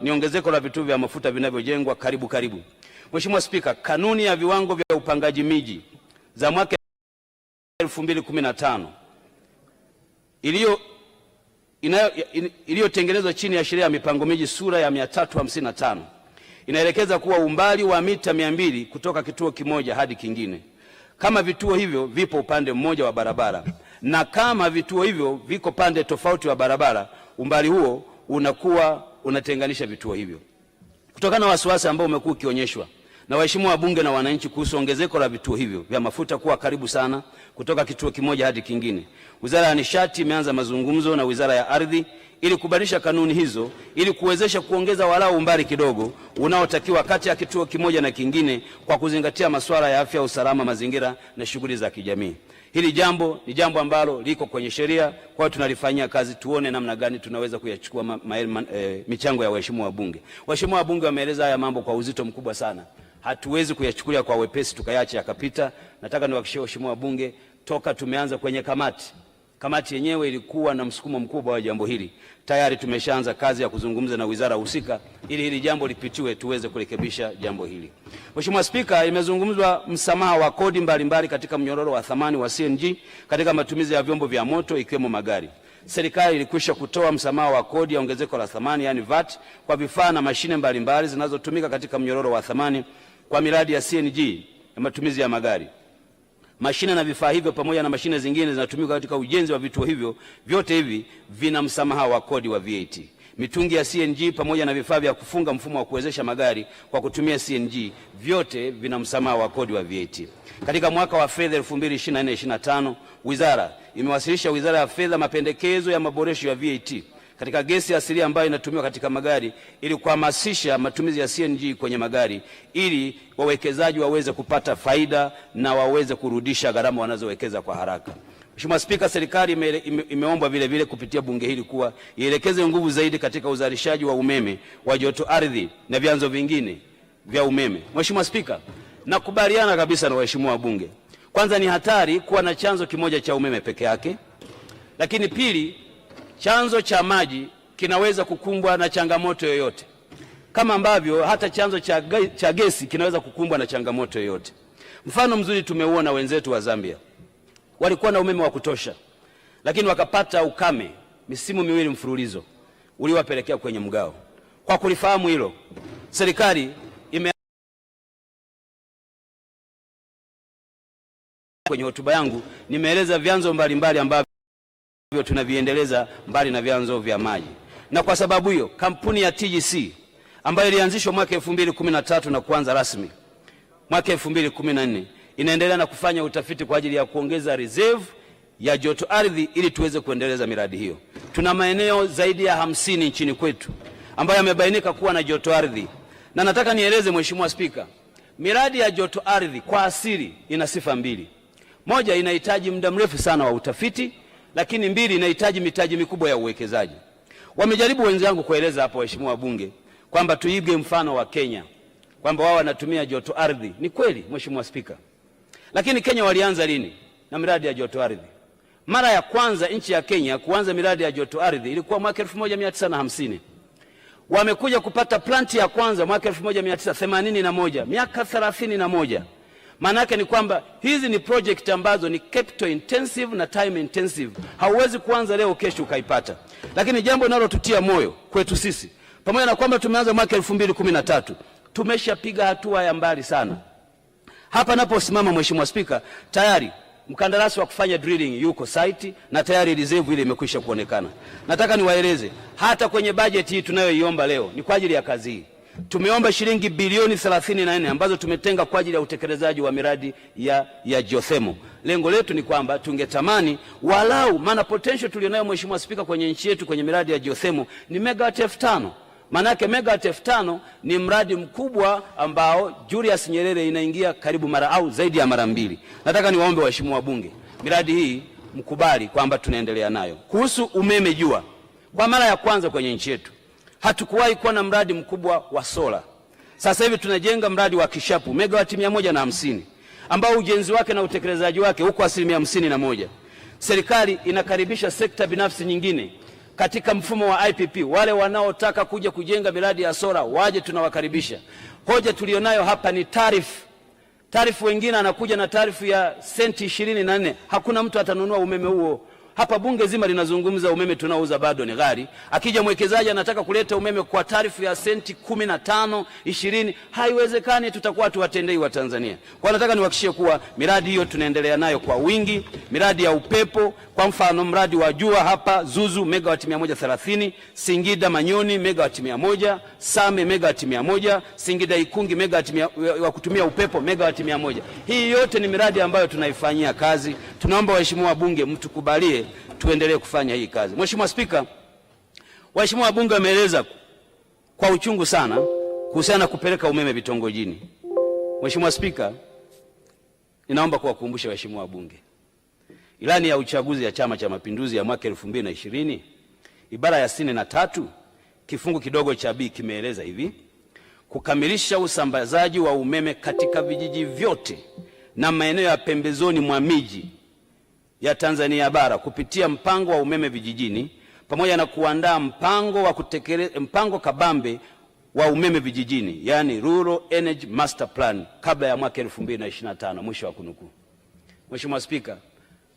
ni ongezeko la vituo vya mafuta vinavyojengwa karibu karibu. Mheshimiwa Spika, kanuni ya viwango vya upangaji miji za mwaka 2015 iliyo iliyotengenezwa chini ya sheria ya mipango miji sura ya 355 inaelekeza kuwa umbali wa mita 200 kutoka kituo kimoja hadi kingine, kama vituo hivyo vipo upande mmoja wa barabara na kama vituo hivyo viko pande tofauti wa barabara, umbali huo unakuwa unatenganisha vituo hivyo kutokana na wasiwasi ambao umekuwa ukionyeshwa na waheshimiwa wabunge na wananchi kuhusu ongezeko la vituo hivyo vya mafuta kuwa karibu sana kutoka kituo kimoja hadi kingine, Wizara ya Nishati imeanza mazungumzo na Wizara ya Ardhi ili kubadilisha kanuni hizo ili kuwezesha kuongeza walau umbali kidogo unaotakiwa kati ya kituo kimoja na kingine kwa kuzingatia masuala ya afya, usalama, mazingira na shughuli za kijamii. Hili jambo ni jambo ambalo liko kwenye sheria, kwa hiyo tunalifanyia kazi, tuone namna gani tunaweza kuyachukua ma, ma, ma, e, michango ya waheshimiwa wabunge. Waheshimiwa wabunge wameeleza haya mambo kwa uzito mkubwa sana, hatuwezi kuyachukulia kwa wepesi tukayaacha yakapita. Nataka niwahakikishie waheshimiwa wabunge, toka tumeanza kwenye kamati Kamati yenyewe ilikuwa na msukumo mkubwa wa jambo hili. Tayari tumeshaanza kazi ya kuzungumza na wizara husika ili hili jambo lipitiwe tuweze kurekebisha jambo hili. Mheshimiwa Spika, imezungumzwa msamaha wa kodi mbalimbali mbali katika mnyororo wa thamani wa CNG katika matumizi ya vyombo vya moto ikiwemo magari. Serikali ilikwisha kutoa msamaha wa kodi ya ongezeko la thamani yani VAT kwa vifaa na mashine mbalimbali zinazotumika katika mnyororo wa thamani kwa miradi ya CNG ya matumizi ya magari. Mashine na vifaa hivyo pamoja na mashine zingine zinatumika katika ujenzi wa vituo hivyo, vyote hivi vina msamaha wa kodi wa VAT. Mitungi ya CNG pamoja na vifaa vya kufunga mfumo wa kuwezesha magari kwa kutumia CNG, vyote vina msamaha wa kodi wa VAT. Katika mwaka wa fedha 2024/2025 Wizara imewasilisha Wizara ya Fedha mapendekezo ya maboresho ya VAT katika gesi asilia ambayo inatumiwa katika magari ili kuhamasisha matumizi ya CNG kwenye magari ili wawekezaji waweze kupata faida na waweze kurudisha gharama wanazowekeza kwa haraka. Mheshimiwa Spika, serikali ime, ime, imeombwa vile vile kupitia bunge hili kuwa ielekeze nguvu zaidi katika uzalishaji wa umeme wa joto ardhi na vyanzo vingine vya umeme. Mheshimiwa Spika, nakubaliana kabisa na waheshimiwa wabunge. Kwanza, ni hatari kuwa na chanzo kimoja cha umeme peke yake, lakini pili chanzo cha maji kinaweza kukumbwa na changamoto yoyote, kama ambavyo hata chanzo cha, cha gesi kinaweza kukumbwa na changamoto yoyote. Mfano mzuri tumeuona wenzetu wa Zambia, walikuwa na umeme wa kutosha, lakini wakapata ukame misimu miwili mfululizo uliowapelekea kwenye mgao. Kwa kulifahamu hilo, serikali ime kwenye hotuba yangu nimeeleza vyanzo mbalimbali ambavyo hivyo tunaviendeleza mbali na vyanzo vya maji. Na kwa sababu hiyo, kampuni ya TGC ambayo ilianzishwa mwaka 2013 na kuanza rasmi mwaka 2014 inaendelea na kufanya utafiti kwa ajili ya kuongeza reserve ya joto ardhi ili tuweze kuendeleza miradi hiyo. Tuna maeneo zaidi ya hamsini nchini kwetu ambayo yamebainika kuwa na joto ardhi, na nataka nieleze Mheshimiwa Spika, miradi ya joto ardhi kwa asili ina sifa mbili. Moja, inahitaji muda mrefu sana wa utafiti lakini mbili, inahitaji mitaji mikubwa ya uwekezaji. Wamejaribu wenzangu kueleza hapo, waheshimiwa wabunge, kwamba tuige mfano wa Kenya kwamba wao wanatumia joto ardhi. Ni kweli Mheshimiwa Spika, lakini Kenya walianza lini na miradi ya joto ardhi? Mara ya kwanza nchi ya Kenya kuanza miradi ya joto ardhi ilikuwa mwaka 1950. Wamekuja kupata planti ya kwanza mwaka 1981, miaka 31. Maana ni kwamba hizi ni project ambazo ni capital intensive na time intensive, hauwezi kuanza leo kesho ukaipata. Lakini jambo linalotutia moyo kwetu sisi, pamoja na kwamba tumeanza mwaka 2013 tumeshapiga hatua ya mbali sana. Hapa naposimama, Mheshimiwa Spika, tayari mkandarasi wa kufanya drilling yuko site na tayari reserve ile imekwisha kuonekana. Nataka niwaeleze hata kwenye bajeti hii tunayoiomba leo ni kwa ajili ya kazi hii. Tumeomba shilingi bilioni 34 ambazo tumetenga kwa ajili ya utekelezaji wa miradi ya, ya geothermal. Lengo letu ni kwamba tungetamani walau, maana potential tulionayo Mheshimiwa Spika, kwenye nchi yetu kwenye miradi ya geothermal ni megawati elfu tano. Maanake megawati elfu tano ni mradi mkubwa ambao Julius Nyerere inaingia karibu mara au zaidi ya mara mbili. Nataka niwaombe waheshimiwa wabunge, miradi hii mkubali kwamba tunaendelea nayo. Kuhusu umeme jua, kwa mara ya kwanza kwenye nchi yetu hatukuwahi kuwa na mradi mkubwa wa sola. Sasa hivi tunajenga mradi wa Kishapu megawati mia moja na hamsini ambao ujenzi wake na utekelezaji wake uko asilimia hamsini na moja. Serikali inakaribisha sekta binafsi nyingine katika mfumo wa IPP. Wale wanaotaka kuja kujenga miradi ya sola waje, tunawakaribisha. Hoja tulionayo hapa ni tarifu. Tarifu, wengine anakuja na tarifu ya senti ishirini na nne, hakuna mtu atanunua umeme huo hapa bunge zima linazungumza umeme tunaouza bado ni ghali. Akija mwekezaji anataka kuleta umeme kwa tarifu ya senti kumi na tano ishirini, haiwezekani, tutakuwa tuwatendei wa Tanzania. Kwa nataka niwahakishie kuwa miradi hiyo tunaendelea nayo kwa wingi, miradi ya upepo kwa mfano, mradi wa jua hapa Zuzu megawati thelathini, Singida Manyoni megawati moja, Same megawati moja, Singida Ikungi megawati wa kutumia upepo megawati moja. Hii yote ni miradi ambayo tunaifanyia kazi. Tunaomba waheshimiwa wabunge mtukubalie tuendelee kufanya hii kazi. Mheshimiwa Spika, waheshimiwa wabunge wameeleza kwa uchungu sana kuhusiana na kupeleka umeme vitongojini. Mheshimiwa Spika, ninaomba kuwakumbusha waheshimiwa wabunge, ilani ya uchaguzi ya Chama cha Mapinduzi ya mwaka 2020 ibara ya sitini na tatu kifungu kidogo cha B kimeeleza hivi: kukamilisha usambazaji wa umeme katika vijiji vyote na maeneo ya pembezoni mwa miji ya Tanzania bara kupitia mpango wa umeme vijijini pamoja na kuandaa mpango wa kutekeleza mpango kabambe wa umeme vijijini yani Rural Energy Master Plan kabla ya mwaka 2025 mwisho wa kunukuu. Mheshimiwa Spika,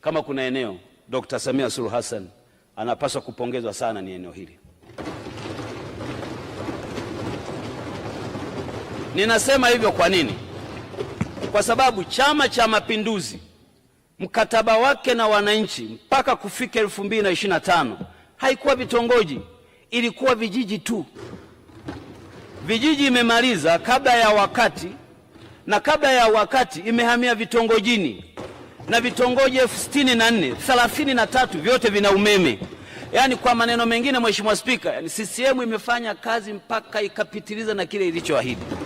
kama kuna eneo Dr. Samia Suluhu Hassan anapaswa kupongezwa sana ni eneo hili. Ninasema hivyo kwa nini? Kwa sababu Chama cha Mapinduzi mkataba wake na wananchi mpaka kufika elfu mbili na ishirini na tano haikuwa vitongoji, ilikuwa vijiji tu. Vijiji imemaliza kabla ya wakati, na kabla ya wakati imehamia vitongojini, na vitongoji elfu sitini na nne thelathini na tatu vyote vina umeme. Yaani, kwa maneno mengine, Mheshimiwa Spika, yani CCM imefanya kazi mpaka ikapitiliza na kile ilichoahidi.